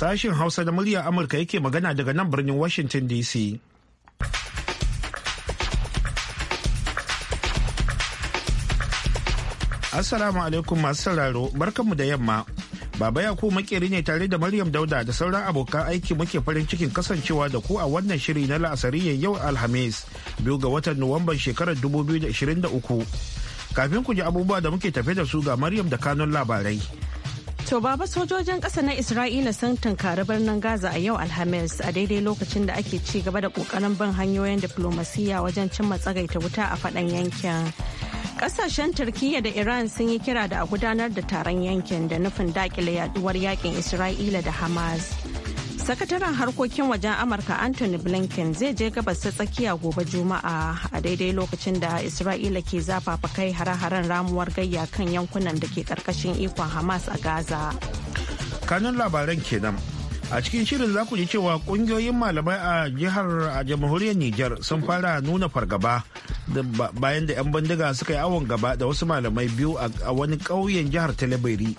Sashen Hausa da muryar Amurka yake magana daga nan birnin Washington DC. Assalamu alaikum masu sauraro, barkanmu da yamma. Baba Yaku makeri ne tare da Maryam Dauda da sauran abokan aiki muke farin cikin kasancewa da ku a wannan shiri na la'asari la'asariyar yau Alhamis biyu ga watan Nuwamban shekarar 2023. Kafin ku ji abubuwa da muke tafe da su ga Maryam da kanun labarai. To baba sojojin ƙasa na Isra'ila sun tunkari birnin Gaza a yau Alhamis a daidai lokacin da ake ci gaba da ƙoƙarin bin hanyoyin diflomasiyya wajen cimma tsagaita wuta a faɗan yankin. Ƙasashen Turkiyya da Iran sun yi kira da a gudanar da taron yankin da nufin daƙile yaduwar yakin Isra'ila da Hamas. sakataren harkokin wajen amurka anthony blinken zai je gabas ta tsakiya gobe juma'a a daidai lokacin da isra'ila ke zafafa kai hare-haren ramuwar gayya kan yankunan da ke karkashin ikon hamas a gaza kanun labaran kenan a cikin shirin za ku ji cewa kungiyoyin malamai a jihar a jamhuriyar niger sun fara nuna fargaba bayan da 'yan bindiga suka yi awon gaba da wasu malamai biyu a wani kauyen jihar talabiri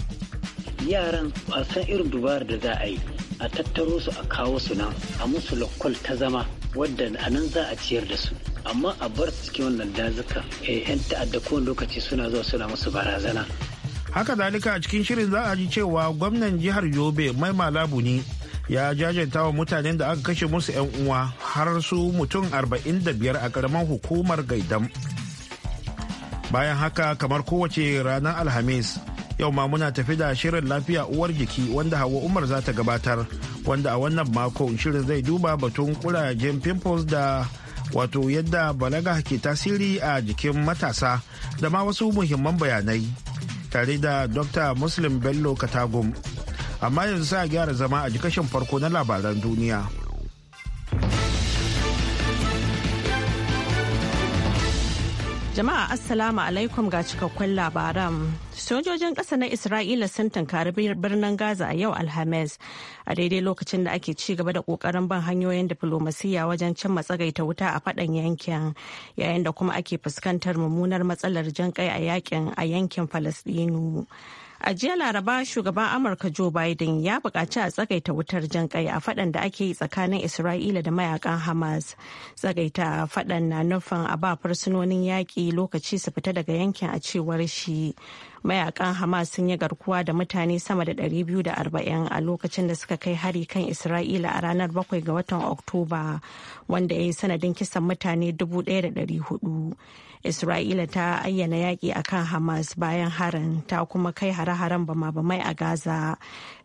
yaran a san irin dubar da za a yi a tattaro su a kawo su nan a musu lokal ta zama wadda a nan za a ciyar da su amma a bar su cikin wannan dazuka eh, yan ta'adda kowane lokaci suna zuwa suna musu barazana haka zalika a cikin shirin za a ji cewa gwamnan jihar yobe mai malabu ne ya jajanta wa mutanen da aka kashe musu 'yan uwa har su mutum arba'in da biyar a karamar hukumar gaidam bayan haka kamar kowace ranar alhamis yau ma muna tafi da shirin lafiya uwar jiki wanda hawa umar za ta gabatar wanda a wannan mako shirin zai duba batun kurajen pimples da wato yadda balaga ke tasiri a jikin matasa da ma wasu muhimman bayanai tare da dr muslim bello katagum amma yanzu sa gyara zama a jikashin farko na labaran duniya. Jama'a Assalamu alaikum ga cikakkun labaran. Sojojin ƙasa na Isra'ila sun tankari birnin Gaza a yau Alhamis a daidai lokacin da ake ci gaba da ƙoƙarin ban hanyoyin diflomasiyya wajen cin matsagaita wuta a faɗan yankin yayin da kuma ake fuskantar mummunar matsalar jan kai a yakin a yankin Falasɗinu. A jiya Laraba shugaban Amurka Joe Biden ya buƙaci a tsagaita wutar jan kai a faɗan da ake yi tsakanin Isra'ila da mayakan Hamas. Tsagaita faɗan na nufin a ba fursunonin yaƙi lokaci su fita daga yankin a cewar shi. Mayakan Hamas sun yi garkuwa da mutane sama da 240 a lokacin da suka kai hari kan Isra'ila a ranar 7 ga watan Oktoba wanda ya yi sanadin kisan mutane 1,400. Isra'ila ta ayyana yaƙi akan Hamas bayan harin ta kuma kai harin hare-haren bama-bamai a Gaza,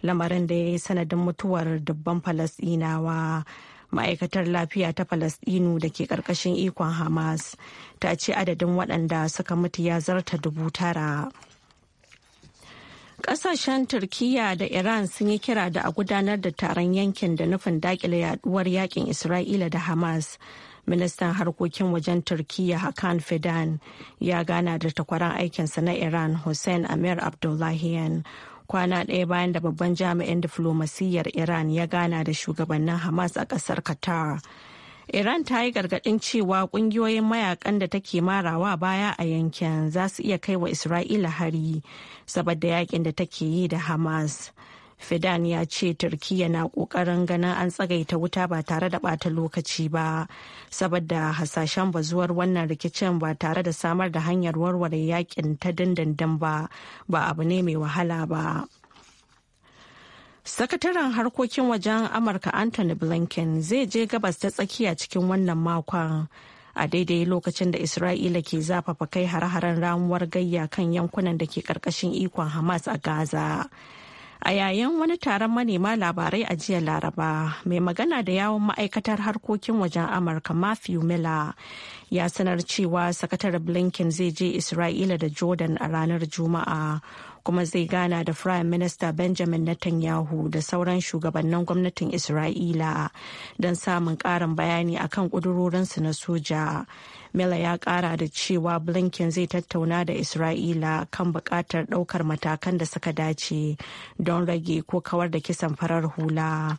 lamarin da ya yi sanadin mutuwar dubban Falasɗinawa. Ma'aikatar lafiya ta Falasɗinu da ke ƙarƙashin ikon Hamas ta ce adadin waɗanda suka mutu ya zarta dubu tara. Ƙasashen Turkiyya da Iran sun yi kira da a gudanar da taron yankin da nufin daƙile yaduwar yakin Isra'ila da Hamas. ministan harkokin wajen turkiyya hakan fidan ya gana da takwaran aikinsa na iran hussein amir abdullahian kwana ɗaya bayan da babban jami'in diflomasiyyar iran ya gana da shugabannin hamas a ƙasar qatar iran ta yi gargaɗin cewa ƙungiyoyin mayakan da take marawa baya a yankin za su iya kai wa isra'ila hari saboda yakin da take yi da hamas Fidan ya ce Turkiyya na kokarin ganin an tsagaita wuta ba tare da bata lokaci ba, saboda hasashen bazuwar wannan rikicin ba tare da samar da hanyar warware yakin ta dindindin ba, ba abu ne mai wahala ba. Sakataren harkokin wajen Amurka Anthony Blinken zai je gabas ta tsakiya cikin wannan makon. a daidai lokacin da isra'ila ke zafafa kai har-haren ramuwar gayya kan yankunan da ke karkashin ikon hamas a gaza a yayin wani taron manema labarai a jiya laraba mai magana da yawon ma'aikatar harkokin wajen amurka matthew miller ya sanar cewa sakatar blinken zai je isra'ila da jordan a ranar juma'a kuma zai gana da Prime Minister Benjamin Netanyahu da sauran shugabannin gwamnatin Isra'ila don samun ƙarin bayani akan ƙudurorinsu na soja. Miller ya ƙara da cewa Blinken zai tattauna da Isra'ila kan buƙatar ɗaukar matakan da suka dace don rage ko kawar da kisan farar hula.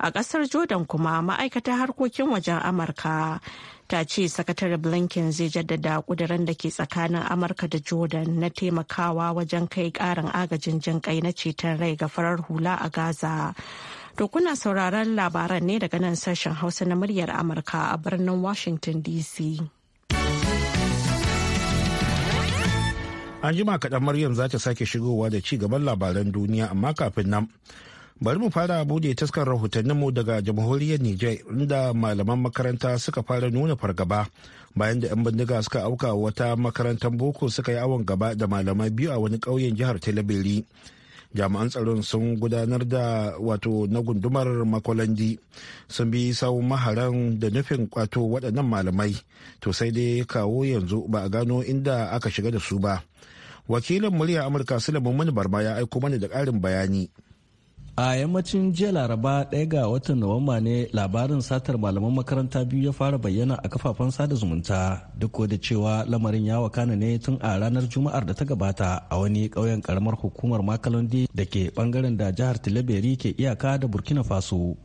A ƙasar Jordan kuma ma'aikatar harkokin wajen Amurka ta ce sakatare blinken zai jaddada kudirin da ke tsakanin amurka da jordan na taimakawa wajen kai karin agajin jin na ceton rai ga farar hula a gaza to kuna sauraron labaran ne daga nan sashen hausa na muryar amurka a birnin washington dc an jima kaɗan maryam za ta sake shigowa da ci gaban labaran duniya amma kafin nan bari mu fara bude taskar rahotanninmu daga jamhuriyar Nijar inda malaman makaranta suka fara nuna fargaba bayan da 'yan bindiga suka auka wata makarantar boko suka yi awon gaba da malamai biyu a wani ƙauyen jihar talabiri jami'an tsaron sun gudanar da wato na gundumar makolandi sun bi sau maharan da nufin kwato waɗannan malamai to sai dai kawo yanzu ba a gano inda aka shiga da su ba wakilin murya amurka sulaiman mani barma ya aiko mana da ƙarin bayani a yammacin jiya laraba ɗaya ga watan nuwamba ne labarin satar malaman makaranta biyu ya fara bayyana a kafafen sada zumunta duk da cewa lamarin ya wakana ne tun a ranar juma'ar da ta gabata a wani ƙauyen karamar hukumar makalondi da ke bangaren da jihar tilaberi ke iyaka da burkina faso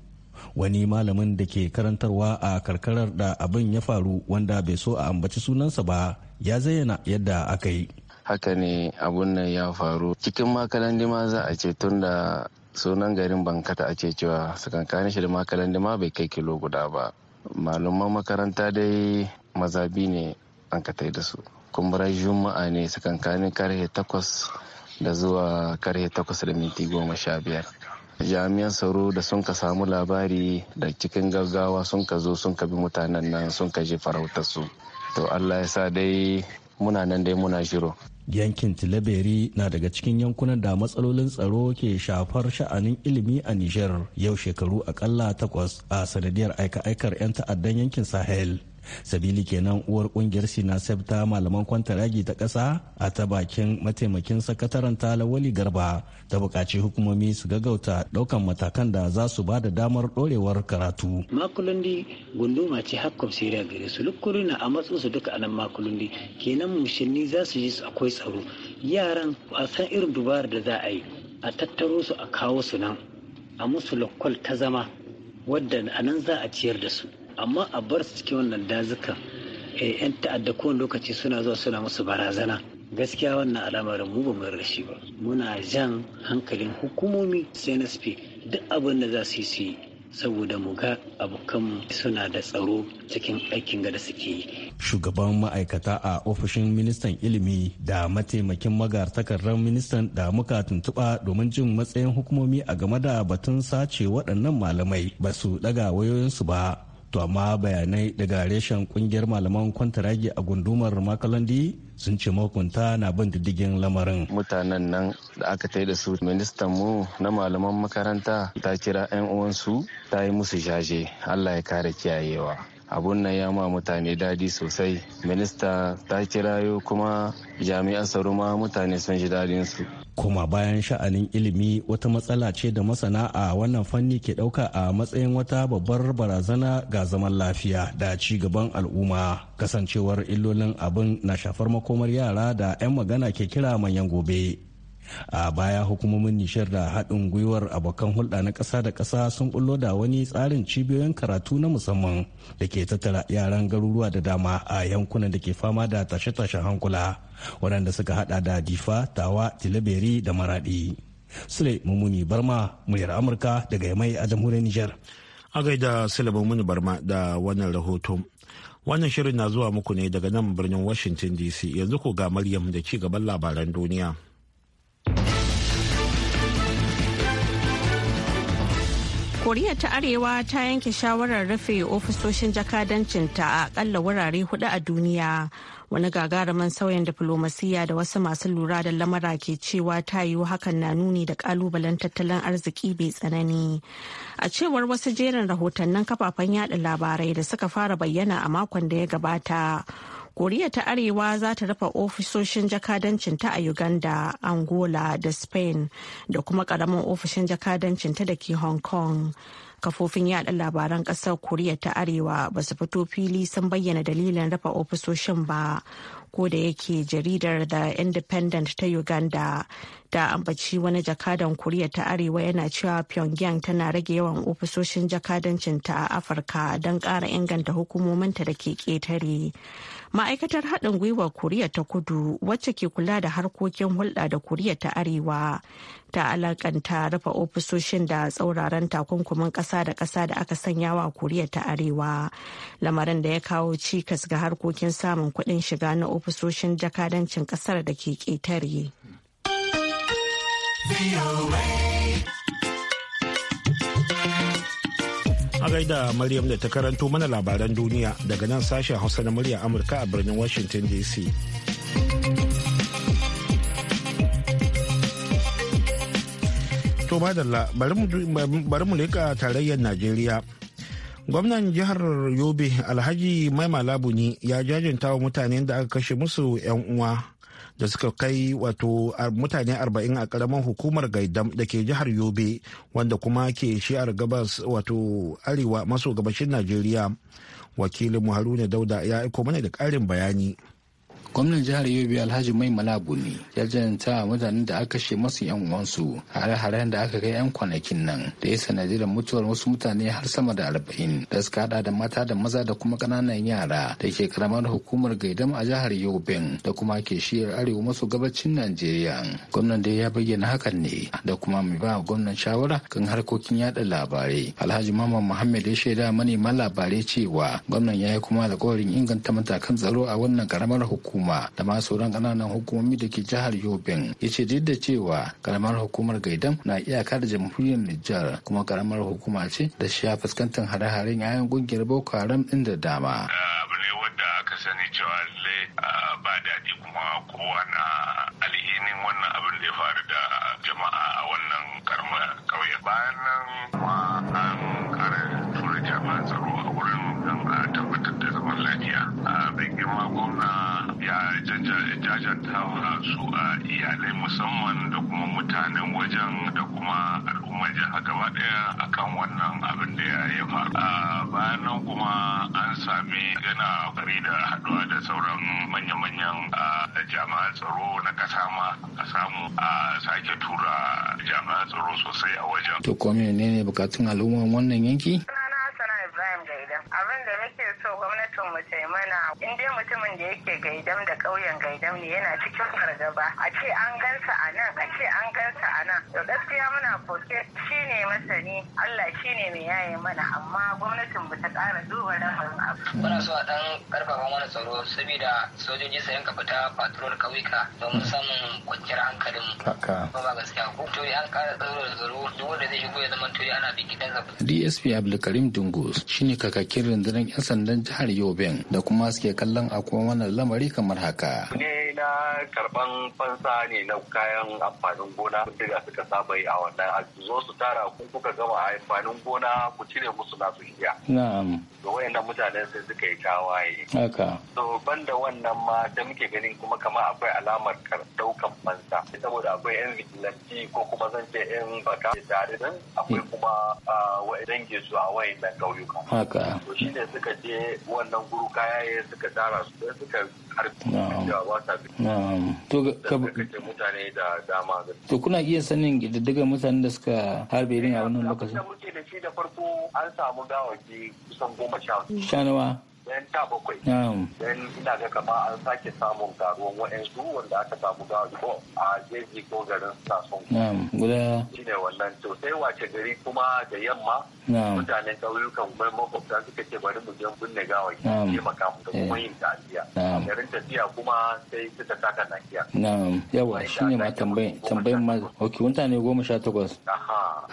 wani malamin da ke karantarwa a karkarar da abin ya faru wanda bai so a ambaci sunansa ba ya zayyana yadda aka yi haka ne abun nan ya faru cikin makalandi ma za a ce tun da sunan garin bankata ce cewa su tsakankanin shi da da ma bai kai kilo guda ba malaman makaranta dai mazabi ne an ka da su kumbura juma'a ne kankanin karhe takwas da zuwa karhe takwas da minti goma sha biyar jami'an tsaro da sun ka samu labari da cikin gaggawa sun ka zo sun ka bi mutanen nan sun ka je farautarsu to allah ya sa dai muna nan dai muna shiro yankin tilaberi na daga cikin yankunan da matsalolin tsaro ke shafar sha'anin ilimi a niger yau shekaru akalla takwas a sanadiyar aika-aikar 'yan ta'addan yankin sahel sabili kenan uwar kungiyar sinasef ta malaman kwantaragi ta ƙasa a ta bakin mataimakin sakataren talawali garba ta bukaci hukumomi su gaggauta ɗaukan matakan da za su ba da damar ɗorewar karatu makulundi gunduma ce hakkon siriya gare su lukurina a matsu su duka anan makulundi kenan mushinni za su ji su akwai tsaro yaran a san irin dubar da za a yi a tattaro su a kawo su nan a musu lokal ta zama wadda anan nan za a ciyar da su amma a bar su cikin wannan dazukan eh, yan ta'adda kowane lokaci suna zuwa suna musu barazana gaskiya wannan al'amarin mu ba mu rashi ba muna jan hankalin hukumomi cnsp duk abin da za su yi su yi saboda mu ga abokanmu suna da tsaro cikin aikin gada suke yi. Shugaban ma'aikata a ofishin ministan ilimi da mataimakin magatakardar ministan da muka tuntuɓa domin jin matsayin hukumomi a game da batun sace waɗannan malamai ba su ɗaga wayoyinsu ba. to amma bayanai daga reshen kungiyar malaman kwantaragi a gundumar makalandi sun ce makunta na bin diddigin lamarin mutanen nan da aka tai da su ministan mu na malaman makaranta ta kira 'yan uwansu ta yi musu jaje allah ya kare kiyayewa abun nan ya ma mutane dadi sosai minista ta kirayo kuma jami'an tsaro ma mutane sun ji dadin su kuma bayan sha'anin ilimi wata matsala ce da masana a wannan fanni ke ɗauka a matsayin wata babbar barazana ga zaman lafiya da ci gaban al'umma kasancewar illolin abin na shafar makomar yara da 'yan magana ke kira manyan gobe a baya hukumomin nishar da haɗin gwiwar abokan hulɗa na ƙasa da ƙasa sun bullo da wani tsarin cibiyoyin karatu na musamman da ke tattara yaran garuruwa da dama a yankunan da ke fama da tashe-tashen hankula waɗanda suka haɗa da difa tawa tilaberi da maraɗi sule mummuni barma muryar amurka daga yamai a jamhuriyar nijar a gaida sule mummuni barma da wannan rahoton wannan shirin na zuwa muku ne daga nan birnin washington dc yanzu ko ga maryam da ci gaban labaran duniya koriya ta arewa ta yanke shawarar rufe ofisoshin jakadancinta a akalla wurare hudu a duniya wani gagarumin sauyin diflomasiyya da wasu masu lura da lamara ke cewa ta yiwu hakan na nuni da kalubalen tattalin arziki bai tsanani a cewar wasu jerin rahotannin kafafen yada labarai da suka fara bayyana a makon da ya gabata koriya ta arewa za ta rufe ofisoshin jakadancinta a uganda angola da spain da kuma karamin ofishin jakadancinta da ke hong kong kafofin yada labaran kasar koriya ta arewa ba su fito fili sun bayyana dalilin rafa ofisoshin ba ko da yake jaridar da independent ta uganda ta ambaci wani jakadan koriya ta arewa yana cewa pyongyang tana rage yawan ofisoshin jakadancinta a afirka don kara inganta hukumominta da ke ƙetare ma'aikatar haɗin gwiwar koriya ta kudu wacce ke kula da harkokin hulɗa da koriya ta arewa ta alakanta rufe ofisoshin da tsauraran takunkumin ƙasa da ƙasa da aka sanya wa koriya ta arewa lamarin da ya kawo cikas ga harkokin samun kuɗin shiga na ofisoshin jakadancin ƙasar da ke ƙetare. A gaida Maryam da ta karanto mana labaran duniya daga nan sashen Hausa na murya Amurka a birnin Washington DC. bari mu leka tarayyar Najeriya. Gwamnan jihar Yobe Alhaji Maimalabu ne ya jajinta wa mutanen da aka kashe musu 'yan uwa da suka kai wato mutane 40 a karamar hukumar gaidam da ke jihar yobe wanda kuma ke shi'ar gabas wato arewa maso gabashin najeriya wakilin haruna dauda ya aiko mana da ƙarin bayani gwamnan jihar yobe alhaji mai malabu ne ya janta mutanen da aka kashe masu yan uwansu hare-haren da aka kai yan kwanakin nan da ya sanadiyar mutuwar wasu mutane har sama da arba'in da suka hada da mata da maza da kuma ƙananan yara da ke karamar hukumar gaidam a jihar yobe da kuma ke shiyar arewa maso gabacin najeriya gwamnan da ya bayyana hakan ne da kuma mai ba gwamnan shawara kan harkokin yada labarai alhaji mamman muhammad ya shaida manema labarai cewa gwamnan ya yi kuma alkawarin inganta matakan tsaro a wannan karamar hukuma hukuma da ma sauran kananan hukumomi da ke jihar Yobin. Ya ce duk da cewa karamar hukumar gaidan na iyaka da jamhuriyar Nijar kuma karamar hukuma ce da shi ya fuskantar hare-haren 'ya'yan ƙungiyar Boko Haram ɗin da dama. Abu ne wanda aka sani cewa ba daɗi kuma kowa na alhinin wannan abin da ya faru da jama'a a wannan karma ƙauyen. Bayan nan kuma jajantawa su a iyalai musamman da kuma mutanen wajen da kuma al'ummar jiha gaba daya kan wannan abin da ya faru a bayan nan kuma an sami gana kokari da haduwa da sauran manya-manyan jami'an tsaro na kasa ma a samu a sake tura jami'an tsaro sosai a wajen to ne ne bukatun al'ummar wannan yanki Sunana Sana Ibrahim abin da muke so gwamnatin mu taimana in dai mutumin da yake gaidam da ƙauyen gaidam ne yana cikin fargaba a ce an gansa a nan a ce an gansa a nan to gaskiya muna koke shi ne masani Allah shi ne mai yaye mana amma gwamnatin ba ta ƙara duba lamarin abu. Muna so a ɗan ƙarfafa mana tsaro saboda sojoji su yanka fita patrol ƙauyuka domin samun kwanciyar hankalin mu. Ba gaskiya ko to an ƙara tsaro da tsaro duk wanda zai shigo ya zama to ana bigidan sa. DSP Abdulkarim Dungus shine kakakin rundunar 'yan sandan jihar Yobe da kuma suke kallon a kuma wannan lamari kamar haka. Ne na karban fansa ne na kayan amfanin gona da suka saba yi a wannan A zo su tara kun kuka gama amfanin gona ku cire musu nasu iya. Na'am. Ga wayannan mutanen sai suka yi tawaye. Haka. To banda wannan ma da muke ganin kuma kama akwai alamar daukan fansa saboda akwai yan vigilanti ko kuma zan ce yan baka tare da akwai hmm. kuma wa'idan su a wayannan ƙauyuka. Haka. To ne suka je wannan guru kaya suka tsara su don suka mutane da dama to kuna iya sanin ƙididdigar mutanen da suka harbe ne a eh, wannan lokacin muke da shi da farko an samu gawaki kusan goma sha sha nawa yan ta bakwai don ina ga kama an sake samun garuwan wa'ansu wanda aka samu gawa ko a jeji ko garin sason guda shi ne wannan to sai wace gari kuma da yamma mutanen ƙauyukan kuma makwabta suka ce bari mu je binne gawa ki taimaka mu eh. da kuma yin tafiya garin tafiya kuma sai suka taka nakiya yawa shine ma tambayin ma ok mutane goma sha takwas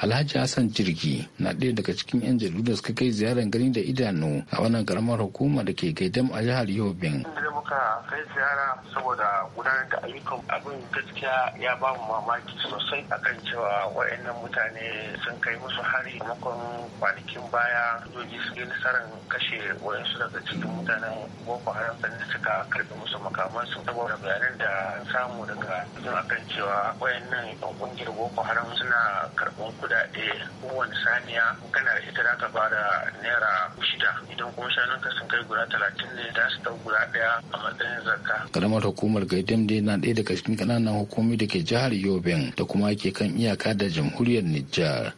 Alhaji Hassan Jirgi na ɗaya daga cikin 'yan jaridu da suka kai ziyarar gani da idanu a wannan karamar hukuma da ke gaidam a jihar Yobin. muka kai ziyara saboda gudanar da ayyukan abin gaskiya ya ba mu mamaki sosai akan cewa waɗannan mutane sun kai musu hari makon. kwanakin baya sojoji su yi nasarar kashe wayansu daga cikin mutanen boko haram da suka karbi musu makamansu saboda bayanan da samu daga cikin akan cewa wayannan yan kungiyar boko haram suna karɓan kudade kowane saniya kana da ita zaka ba da naira shida idan kuma shanunka sun kai guda talatin ne za su guda ɗaya a matsayin zakka. karamar hukumar gaidam dai na ɗaya daga cikin ƙananan hukumomi da ke jihar yobin da kuma ake kan iyaka da jamhuriyar nijar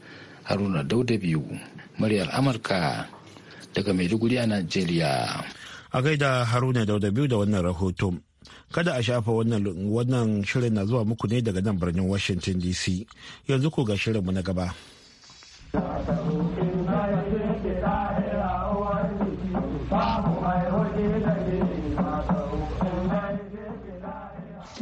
haruna dauda biyu muryar amurka daga maiduguri a najeriya a gaida haruna dauda biyu da wannan rahoto kada a shafa wannan shirin na zuwa muku ne daga nan birnin washington dc yanzu ku ga shirinmu na gaba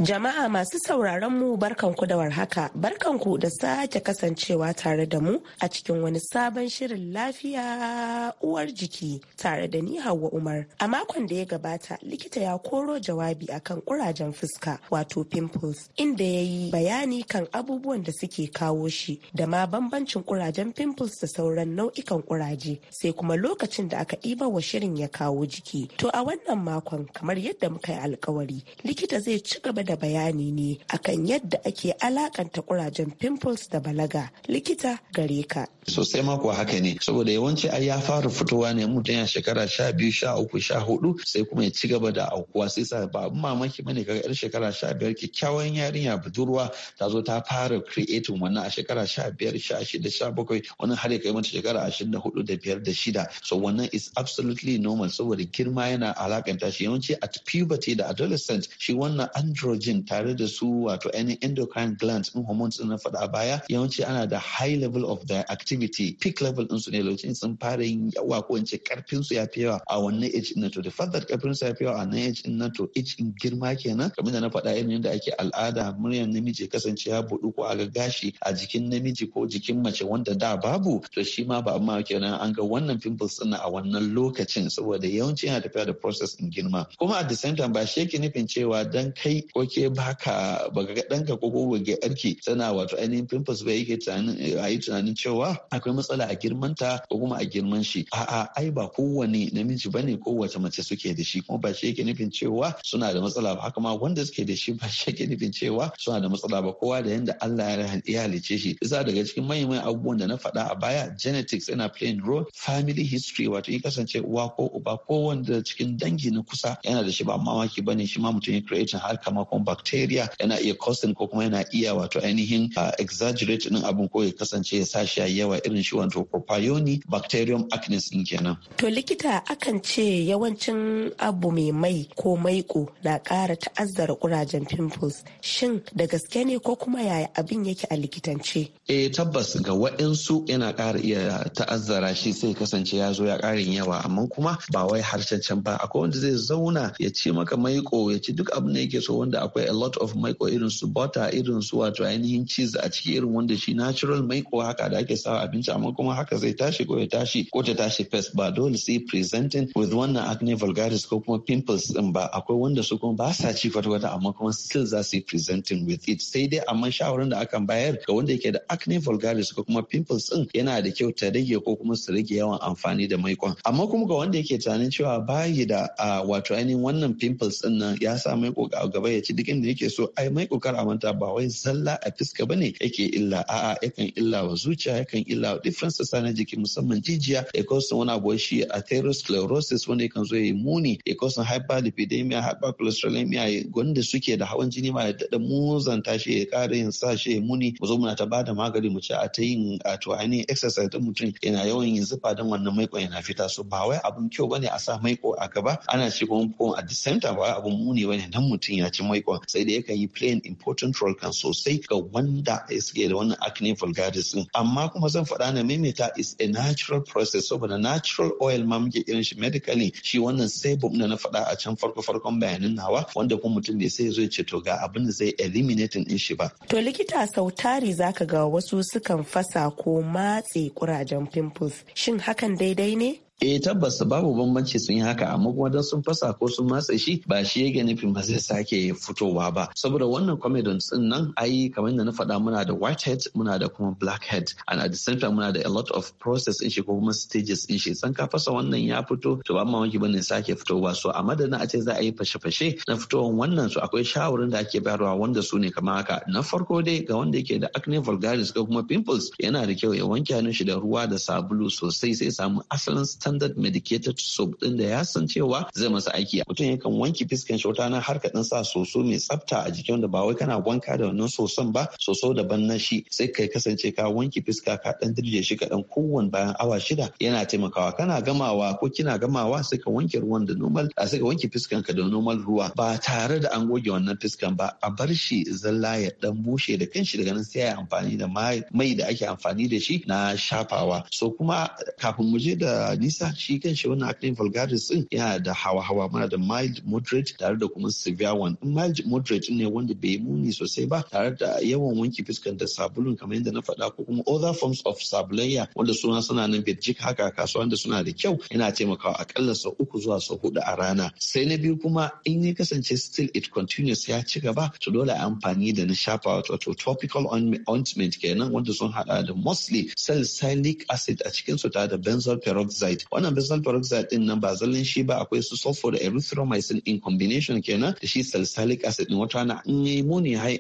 Jama'a masu sauraron mu barkanku da warhaka, barkanku da sake kasancewa tare da mu a cikin wani sabon shirin lafiya uwar jiki tare da ni Hauwa Umar. A makon da ya gabata likita ya koro jawabi akan kurajen fuska wato pimples inda ya yi bayani kan abubuwan da suke kawo shi da ma bambancin kurajen pimples da sauran nau'ikan kuraje sai kuma lokacin da aka ɗiba wa shirin ya kawo jiki. To a wannan makon kamar yadda muka yi alkawari likita zai ci gaba da da bayani ne akan yadda ake alakanta kurajen pimples da balaga likita gare ka. Sosai mako haka ne saboda yawanci ai ya fara fitowa ne mutum ya shekara sha biyu sha uku sha hudu sai kuma ya ci gaba da aukuwa sai sa ba mamaki bane kaga yar shekara sha biyar kyakkyawan yarinya budurwa ta zo ta fara creating wannan a shekara sha biyar sha shida sha bakwai wannan har ya kai mata shekara ashirin da hudu da biyar da shida so wannan is absolutely normal saboda girma yana alakanta shi yawanci at puberty da adolescent shi wannan andro. estrogen tare da su wato any endocrine glands in hormones din na faɗa baya yawanci ana da high level of their activity peak level din su ne lokacin sun fara yin yawa ko in ce karfin su ya fi yawa a wannan age din to fact that karfin su ya fi yawa a wannan age din to age in girma kenan kamar da na faɗa irin yadda ake al'ada muryar namiji kasance ya buɗu ko a ga gashi a jikin namiji ko jikin mace wanda da babu to shi ma ba amma kenan an ga wannan pimples din a wannan lokacin saboda yawanci yana tafiya da process in girma kuma at the same time ba shi yake nufin cewa dan kai ko ko ke baka baga ga danka ko ko ga yarki tana wato ainihin pimples bai yake tunanin ayi tunanin cewa akwai matsala a girmanta ko kuma a girman shi a'a ai ba kowane namiji bane kowace mace suke da shi kuma ba shi yake nufin cewa suna da matsala ba haka ma wanda suke da shi ba shi yake nufin cewa suna da matsala ba kowa da yanda Allah ya halice shi isa daga cikin manyan abubuwan da na faɗa a baya genetics yana playing role family history wato in kasance uwa ko uba ko wanda cikin dangi na kusa yana da shi ba mamaki bane shi ma mutum ya create har kamar. sakamakon bacteria yana iya causing ko kuma yana iya wato ainihin ah, exaggerate din abin ko ya kasance ya sa shi yawa irin shi wato propionic bacterium acnes din kenan. To likita akan ce yawancin abu mai mai ko maiko na kara ta'azzara kurajen pimples shin da gaske ne ko kuma yaya abin yake a likitance? Eh tabbas ga waɗansu yana ƙara iya ta'azzara shi sai kasance ya zo ya ƙarin yawa amma kuma ba wai harshen ba akwai wanda zai zauna ya ci maka maiko ya ci duk abin da yake so wanda akwai a lot of maiko irin su butter irin su wato ainihin cheese a ciki irin wanda shi natural maiko haka da ake sawa abinci amma kuma haka zai tashi ko ya tashi ko ta tashi first. ba dole sai presenting with wannan acne vulgaris ko kuma pimples din ba akwai wanda su kuma ba sa ci kwata-kwata amma kuma still za su presenting with it sai dai amma shawarar da akan bayar ga wanda yake da acne vulgaris ko kuma pimples din yana da kyau ta rage ko kuma su rage yawan amfani da maikon amma kuma ga wanda yake tunanin cewa bayi da ah, wato ainihin wannan pimples din nan ya sa maiko gaba ya aiki duk inda yake so ai mai kokar a manta ba wai zalla a fiska bane yake illa a'a yakan illa wa zuciya yakan illa wa different sassa na jiki musamman jijiya E kawo wani abu shi atherosclerosis wanda yakan zo yayi muni E kawo hyperlipidemia hypercholesterolemia gwanda suke da hawan jini ma ya dada muzanta shi ya kara yin sa shi ya muni mu zo muna ta bada magani mu ci a ta yin a to ainihin exercise din mutum yana yawan yin zufa don wannan maikon yana fita so ba wai abun kyau bane a sa maiko a gaba ana ci kuma a the ba abun muni bane dan mutum ya ci mai maikon sai da yakan yi playing important role kan sosai ga wanda suke da wannan acne vulgaris din amma kuma zan faɗa na maimaita is a natural process saboda natural oil ma muke irin shi medically shi wannan sebum da na faɗa a can farko farkon bayanin nawa wanda kuma mutum ne sai zai ce to ga abin da zai eliminating din shi ba to likita sautari zaka ga wasu sukan fasa ko matse kurajen pimples shin hakan daidai ne eh tabbas babu bambanci sun yi haka amma kuma don sun fasa ko sun matsa shi ba shi yake nufin ba zai sake fitowa ba saboda wannan comedians din nan ai kamar da na faɗa muna da white whitehead muna da kuma blackhead and at the same time muna da a lot of process in shi ko kuma stages in shi san ka fasa wannan ya fito to ba wanki bane sake fitowa so a madadin a ce za a yi fashe-fashe na fitowan wannan su akwai shawarin da ake bayarwa wanda su ne kamar haka na farko dai ga wanda yake da acne vulgaris ko kuma pimples yana da kyau ya wanke hannun shi da ruwa da sabulu sosai sai samu asalin standard medicated soap din da ya san cewa zai masa aiki mutum yakan wanke fiskan shi wata nan har ka sa soso mai tsafta a jikin wanda ba wai kana wanka da wannan soson ba soso daban na shi sai kai kasance ka wanke fiska ka dan dirje shi kaɗan kowane bayan awa shida yana taimakawa kana gamawa ko kina gamawa sai ka wanke ruwan da normal a sai ka wanke fiskan ka da normal ruwa ba tare da an goge wannan fiskan ba a bar shi zalla ya dan bushe da kanshi daga nan sai ya amfani da mai da ake amfani da shi na shafawa so kuma kafin mu je da nisa nisa shi kan shi wannan acne vulgaris din yana da hawa-hawa mana da mild moderate tare da kuma severe one mild moderate ne wanda bai muni sosai ba tare da yawan wanki fuskan da sabulun kamar yadda na faɗa ko kuma other forms of sabulayya wanda suna suna nan birjik haka kasuwa da suna da kyau yana taimakawa akalla sau uku zuwa sau hudu a rana sai na biyu kuma in ya kasance still it continues ya ci gaba to dole a amfani da na shafa wato topical ointment kenan wanda sun haɗa da mostly salicylic acid a cikin su tare da benzoyl peroxide wannan benzoyl peroxide din nan ba zallan shi ba akwai su sulfur da erythromycin in combination kenan da shi salicylic acid din wata na in yi muni har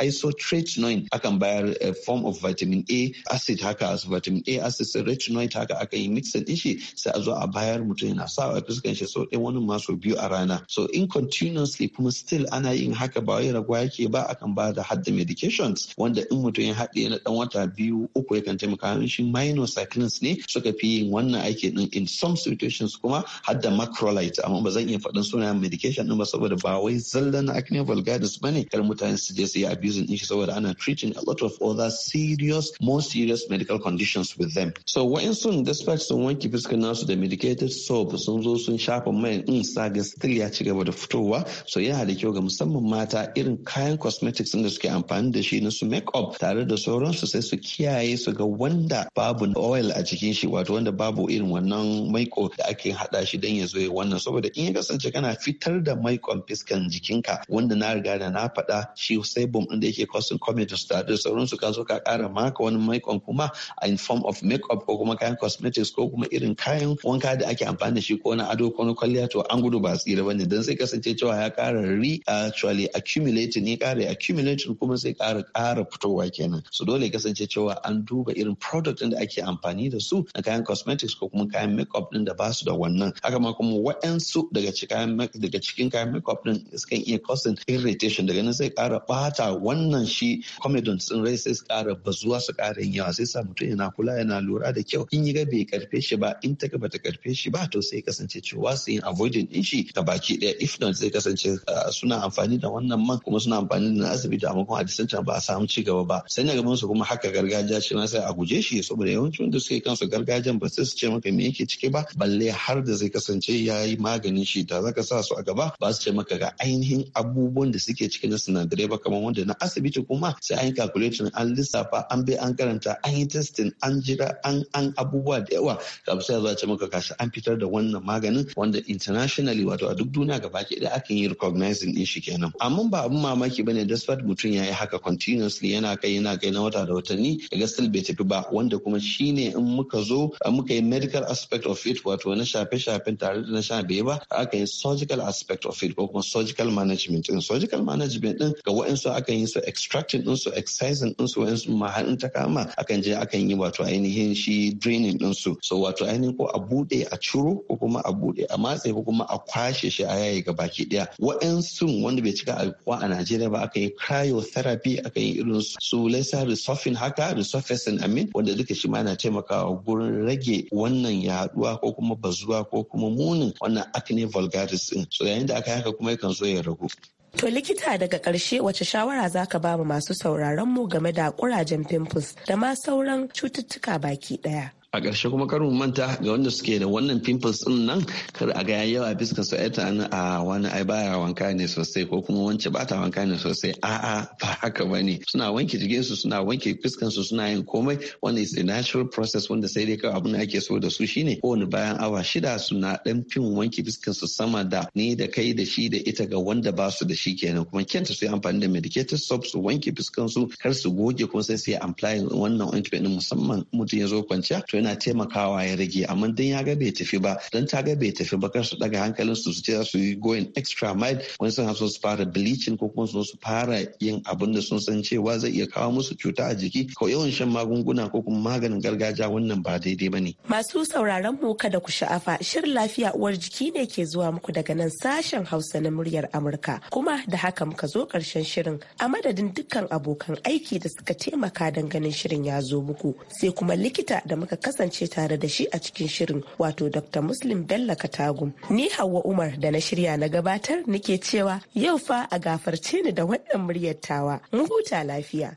isotretinoin akan bayar eh, form of vitamin A acid haka vitamin A acid retinoid haka akan yi mix din shi sai a zo a bayar mutum yana sa a fuskan shi sau wani masu biyu a rana so in continuously kuma still ana yin haka ba wai raguwa yake ba akan ba da hadda medications wanda in mutum ya haɗe na ɗan wata biyu uku yakan taimaka shi minocyclines ne suka fi yin wannan aiki take din in some situations kuma har da macrolide amma ba zan iya faɗin sunayen medication din ba saboda ba wai zallan acne vulgaris bane kar mutane su je su yi abusing din shi saboda ana treating a lot of other serious more serious medical conditions with them so sun despite sun wanke fuskar nasu da medicated soap sun zo sun shafa mai in saga still ya ci gaba da fitowa so yana da kyau ga musamman mata irin kayan cosmetics da suke amfani da shi na su make-up tare da sauransu sai su kiyaye su ga wanda babu oil a cikin shi wato wanda babu irin wannan maiko da ake hada shi don ya zo ya wannan saboda in ya kasance kana fitar da maikon fiskan jikinka wanda na riga da na faɗa shi sai bom din da yake causing comedy status sauransu ka zo ka ƙara maka wani maikon kuma in form of makeup ko kuma kayan cosmetics ko kuma irin kayan wanka da ake amfani da shi ko na ado ko na kwalliya to an gudu ba tsira bane dan sai kasance cewa ya ƙara re actually accumulate ne ƙara accumulate kuma sai ƙara ƙara fitowa kenan so dole kasance cewa an duba irin product din da ake amfani da su na kayan cosmetics ko kuma samun kayan makeup din da ba su da wannan haka ma kuma waɗansu daga cikin daga cikin kayan makeup din sukan iya causing irritation daga nan sai ƙara ɓata wannan shi comedian sun rai sai kara ƙara bazuwa su ƙara yin yawa sai sa mutum yana kula yana lura da kyau in yi ga bai karfe shi ba in ta gaba ta karfe shi ba to sai kasance cewa su yin avoiding din shi ta baki ɗaya if not sai kasance ah, suna amfani da wannan man kuma suna amfani da asibiti amma kuma a disanta ba a samu ci gaba ba sai na gaban su kuma haka gargajiya ce ma sai a guje shi saboda yawancin da suke kansu gargajiyan ba sai su ce maka me yake ciki ba balle har da zai kasance ya yi maganin shi da zaka sa su a gaba ba su ce maka ga ainihin abubuwan da suke ciki na sinadarai ba kamar wanda na asibiti kuma sai an yi calculation an lissafa an bi an karanta an yi testing an jira an an abubuwa da yawa kafin sai za ce maka kashi an fitar da wannan maganin wanda internationally wato a duk duniya gaba ke da akan yi recognizing din shi kenan amma ba abun mamaki bane despite mutum ya yi haka continuously yana kai yana kai na wata da watanni daga still bai tafi ba wanda kuma shine in muka zo muka yi medical physical aspect of it wato na shafe-shafen tare da na sha bai ba aka yi surgical aspect of it ko kuma surgical management din surgical management din ga wa'ansu aka yi su extracting din su excising din su wa'ansu mahaɗin ta kama akan je akan yi wato ainihin shi draining din su so wato ainihin ko a buɗe a ciro ko kuma a buɗe a matse ko kuma a kwashe shi a yayi gabaki daya wa'ansu wanda bai cika alkuwa a Najeriya ba aka yi cryotherapy aka yi irin su lesser resurfacing haka resurfacing amin wanda duka shi ma na taimakawa gurin rage wannan wannan yaduwa ko kuma bazuwa ko kuma munin wannan acne vulgaris din so yayin da aka haka kuma yakan zo ya ragu To likita daga karshe wace shawara za ka ba masu sauraron mu game da ƙurajen pimples da ma sauran cututtuka baki ɗaya? a ƙarshe kuma karin manta ga wanda suke da wannan pimples din nan kar a ga yawa fiskar su ta a wani ai baya wanka ne sosai ko kuma wance ba ta wanka ne sosai a'a ba haka ba ne suna wanke jikin su suna wanke fiskan su suna yin komai wanda is a natural process wanda sai dai kawai abin da ake so da su shine kowane bayan awa shida suna dan fim wanke fiskan su sama da ni da kai da shi da ita ga wanda ba su da shi kenan kuma kenta su yi amfani da medicated soap su wanke fiskan su kar su goge kuma sai su yi apply wannan ointment musamman mutum ya zo kwanciya yana taimakawa ya rage amma dan ya ga bai tafi ba dan ta ga bai tafi ba kar su daga hankalin su su ce su yi going extra mile wani sun so su fara bleaching ko kuma su fara yin abin da sun san cewa zai iya kawo musu cuta a jiki ko yawan shan magunguna ko kuma maganin gargajiya wannan ba daidai ba ne. Masu sauraron mu kada ku sha'afa shirin lafiya uwar jiki ne ke zuwa muku daga nan sashen Hausa na muryar Amurka kuma da haka muka zo karshen shirin a madadin dukkan abokan aiki da suka taimaka don ganin shirin ya zo muku sai kuma likita da muka kasa kasance tare da shi a cikin shirin wato Dr. Muslim Bello Katagum. Ni hawa Umar da na shirya na gabatar nake cewa yau fa a gafarce ni da wannan muryar tawa. Mun huta lafiya.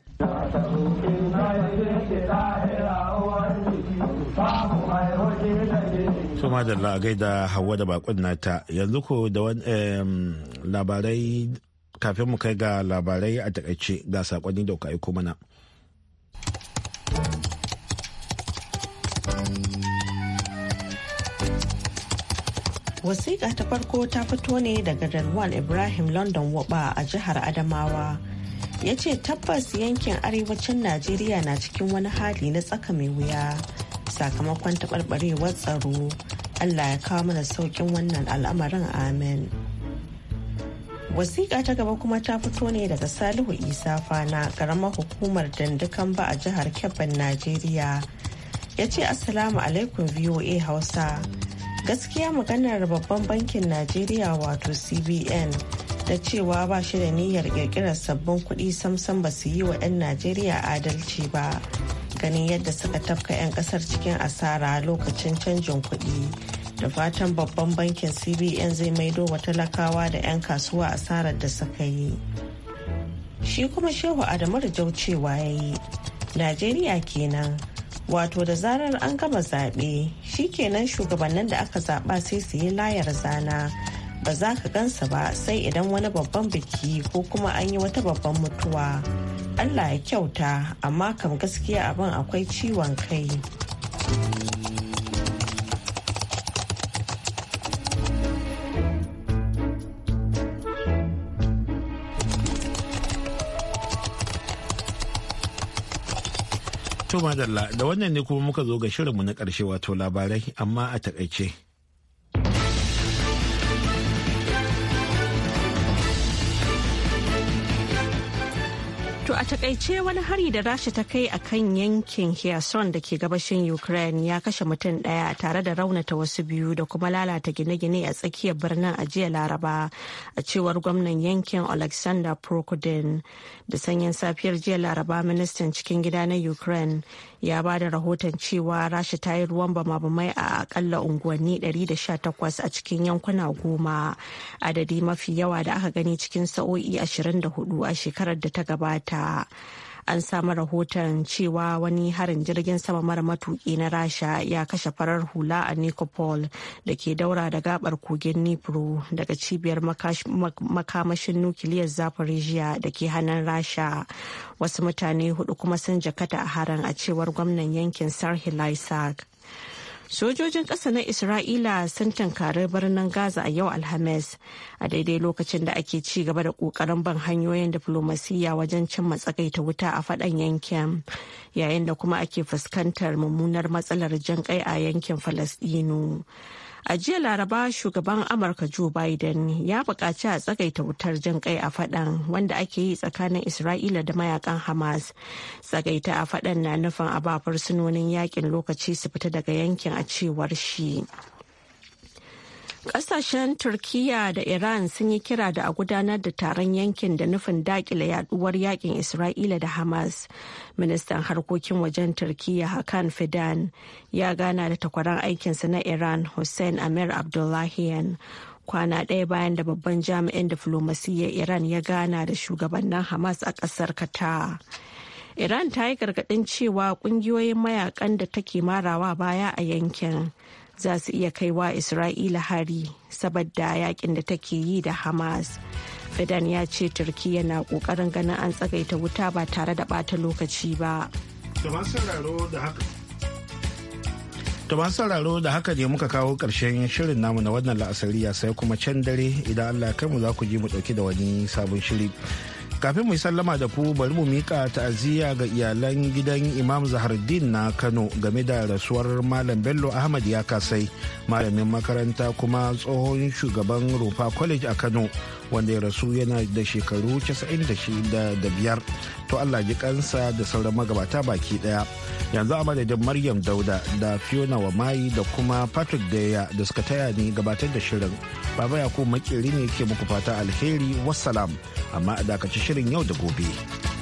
Suma da lagai da hawa da bakon nata yanzu ko da labarai kafin mu kai ga labarai a takaice ga sakonni da ka aiko mana. wasiƙa ta farko ta fito ne daga Dalwan Ibrahim London Waba a jihar Adamawa. Ya ce tabbas yankin arewacin Najeriya na cikin wani hali na tsaka mai wuya sakamakon taɓarɓarewar tsaro. Allah ya kawo mana sauƙin wannan al'amarin amen. Wasiƙa ta gaba kuma ta fito ne daga Salihu Isa Fana, ƙaramar hukumar dandukan ba a jihar kebban Najeriya. ya ce assalamu alaikum voa hausa gaskiya maganar babban bankin najeriya wato cbn da cewa ba shi da niyyar kirkirar sabbin kuɗi samsam ba su yi wa 'yan najeriya adalci ba ganin yadda suka tafka 'yan kasar cikin asara lokacin canjin kuɗi da fatan babban bankin cbn zai maido wa talakawa da 'yan kasuwa asarar da suka yi shi kuma shehu adamu rajau cewa ya yi najeriya kenan wato da zarar an gama zaɓe shikenan shugabannin da aka zaɓa sai su yi layar zana ba za ka gansa ba sai idan wani babban biki ko kuma an yi wata babban mutuwa allah ya kyauta amma kam gaskiya abin akwai ciwon kai To madalla da wannan ne kuma muka zo ga shirinmu na ƙarshe wato labarai amma a takaice. To a takaice wani hari da rasha ta kai a kan yankin Kherson da ke gabashin Ukraine ya kashe mutum ɗaya tare da raunata wasu biyu da kuma lalata gine-gine a tsakiyar birnin a jiya Laraba a cewar gwamnan yankin Alexander Prokudin. Da sanyin safiyar jiya Laraba ministan cikin gida na Ukraine ya ba da rahoton cewa rasha ta yi ruwan bama-bamai a akalla unguwanni 118 a cikin yankuna goma adadi mafi yawa da aka gani cikin sa'o'i 24 a shekarar da ta gabata. rasha an samu rahoton cewa wani harin jirgin sama mara matuƙi na rasha ya kashe farar hula a nikopol da ke daura da gabar kogin nipro daga cibiyar makamashin nukiliyar zaporizhia da ke hannun rasha wasu mutane hudu kuma sun jakata a harin a cewar gwamnan yankin sarhi lysak Sojojin ƙasa na Isra'ila sun tankari birnin Gaza a yau Alhamis a daidai lokacin da ake ci gaba da ƙoƙarin ban hanyoyin diflomasiyya wajen cin matsakaita wuta a faɗan yankin yayin da kuma ake fuskantar mummunar matsalar jinƙai kai a yankin Falasɗinu. A jiya Laraba shugaban Amurka Joe Biden ya buƙaci a tsagaita wutar jin kai a faɗan wanda ake yi tsakanin Isra'ila da mayakan Hamas. Tsagaita a faɗan na nufin a ba fursunonin yakin lokaci su fita daga yankin a cewar shi. Ƙasashen Turkiyya da Iran sun yi kira da a gudanar da taron yankin da nufin dakile yaduwar yakin Isra'ila da Hamas. Ministan harkokin wajen Turkiyya Hakan Fidan ya gana da takwaran aikinsa na Iran Hussein Amir Abdullahian kwana ɗaya bayan da babban jami'in diflomasiyyar Iran ya gana da shugabannin Hamas a ƙasar Qatar. Iran ta yi gargaɗin cewa ƙungiyoyin mayakan da take marawa baya a yankin za su iya wa isra'ila hari saboda yakin da take yi da hamas fidan ya ce turkiyya na kokarin ganin an tsagaita wuta ba tare da bata lokaci ba To ba sauraro da haka ne muka kawo ƙarshen shirin namu na wannan la'asariya sai kuma can dare idan Allah kai mu za ku ji mu dauki da wani sabon shiri. kafin mu sallama da ku bari mu mika ta'aziyya ga iyalan gidan imam zahardin na kano game da rasuwar malam bello ahmad ya kasai malamin makaranta kuma tsohon shugaban rufa college a kano wanda ya rasu yana da shekaru 95 to allah ji kansa da sauran magabata baki daya yanzu a madadin maryam dauda da fiona wa mayi da kuma patrick daya da suka taya ni gabatar da shirin baba yakubu makeri ne ke muku fata alheri wasalam amma a dakaci shirin yau da gobe.